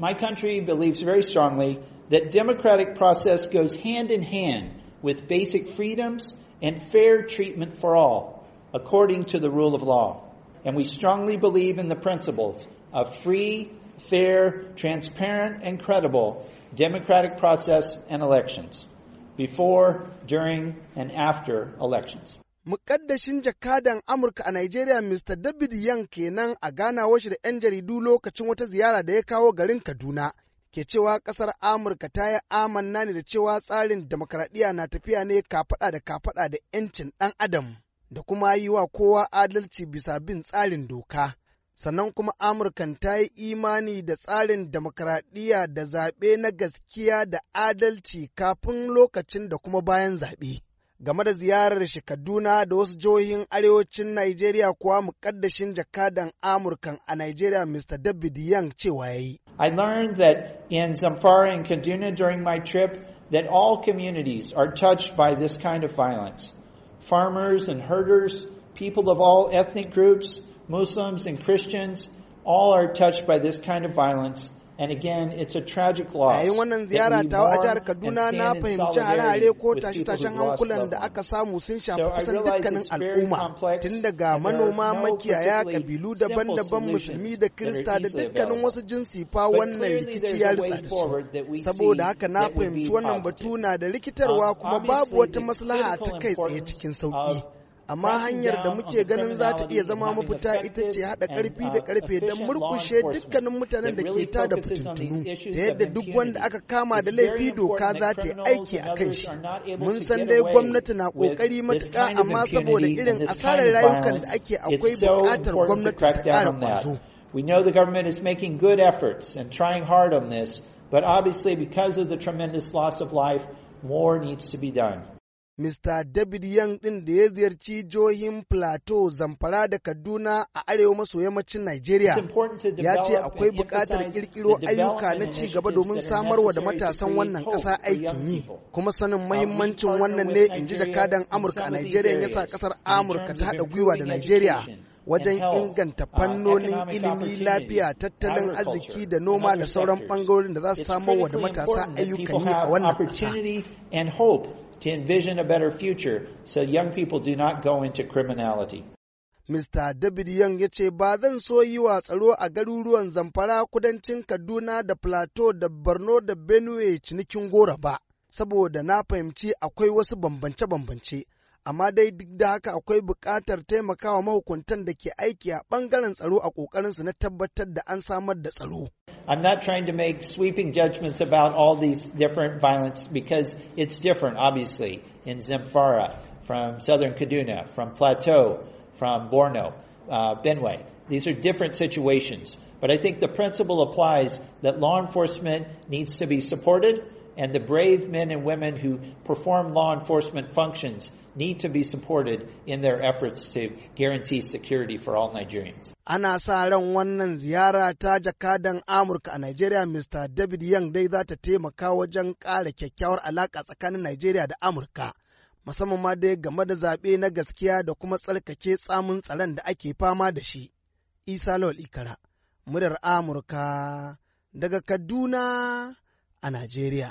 my country believes very strongly that democratic process goes hand in hand with basic freedoms and fair treatment for all, according to the rule of law. And we strongly believe in the principles of free, fair, transparent, and credible democratic process and elections before, during, and after elections. mukaddashin jakadan Amurka a Nigeria Mr. David Yang kenan a ganawa shi da 'yan jaridu lokacin wata ziyara da ya kawo garin Kaduna. Ke cewa ƙasar Amurka ta yi amanna ne da cewa tsarin demokradiyya na tafiya ne kafaɗa da kafaɗa da 'yancin ɗan adam da kuma yi wa kowa adalci bisa bin tsarin doka. sannan kuma Amurkan ta yi imani da tsarin demokradiyya da zaɓe na gaskiya da adalci kafin lokacin da kuma bayan zaɓe. game da ziyarar shi Kaduna da wasu jihohin arewacin kuwa mukaddashin jakadan Amurkan a Mr. David cewa I learned that in Zamfara and Kaduna during my trip that all communities are touched by this kind of violence. Farmers and herders, people of all ethnic groups, Muslims and Christians, all are touched by this kind of violence And again, it's a tragic loss. Yayin wannan ziyara ta a jihar Kaduna na fahimci harare ko tashe-tashen hankulan da aka samu sun shafi kusan dukkanin al'umma tun daga manoma makiyaya kabilu daban-daban musulmi da Kirista da dukkanin wasu jinsi fa wannan rikici ya rutsa da su. Saboda haka na fahimci wannan batu na da rikitarwa um, kuma babu wata maslaha ta kai tsaye cikin sauki. amma hanyar da muke ganin za ta iya zama mafita ita ce haɗa ƙarfi uh, da ƙarfe don murƙushe dukkanin mutanen da ke tada fitintunu ta yadda duk wanda aka kama da laifi doka za ta yi aiki a kan shi mun san dai gwamnati na ƙoƙari matuƙa amma saboda irin asarar rayukan da ake akwai buƙatar gwamnati ta ƙara ƙwazo. We know the government is making good efforts and trying hard on this, but obviously because of the tremendous loss of life, more needs to be done. Mista David Young ɗin da ya ziyarci jihohin Plateau, Zamfara da Kaduna a arewa maso yammacin Nigeria, Ya ce akwai buƙatar ƙirƙiro ayyuka na ci gaba domin samarwa da matasan wannan ƙasa aikin yi. Kuma sanin uh, mahimmancin wannan ne in ji jakadan Amurka a Nigeria ya sa ƙasar Amurka ta haɗa gwiwa da Nigeria wajen inganta uh, fannonin ilimi lafiya tattalin arziki da noma da sauran bangarorin da za su samar wa da matasa ayyukan yi a wannan ƙasa. to envision a better future so young people do not go into criminality. Mr. David Young ya ce ba zan so yi wa tsaro a garuruwan Zamfara, kudancin Kaduna da Plateau da Borno da Benue cinikin gora ba, saboda na fahimci akwai wasu bambance-bambance. amma dai duk da haka akwai buƙatar taimakawa mahukuntan da ke aiki a ɓangaren tsaro a ƙoƙarinsu na tabbatar da an samar da tsaro. I'm not trying to make sweeping judgments about all these different violence because it's different, obviously, in Zamfara, from southern Kaduna, from Plateau, from Borno, uh, Benue. These are different situations. But I think the principle applies that law enforcement needs to be supported and the brave men and women who perform law enforcement functions need to be supported in their efforts to guarantee security for all Nigerians. Ana sa ran wannan ziyara ta jakadan Amurka a Nigeria Mr. David Young dai za ta taimaka wajen ƙara kyakkyawar alaƙa tsakanin Nigeria da Amurka. Musamman ma dai game da zaɓe na gaskiya da kuma tsarkake tsamun tsaron da ake fama da shi. Isa Lawal Ikara, muryar Amurka daga Kaduna a Najeriya.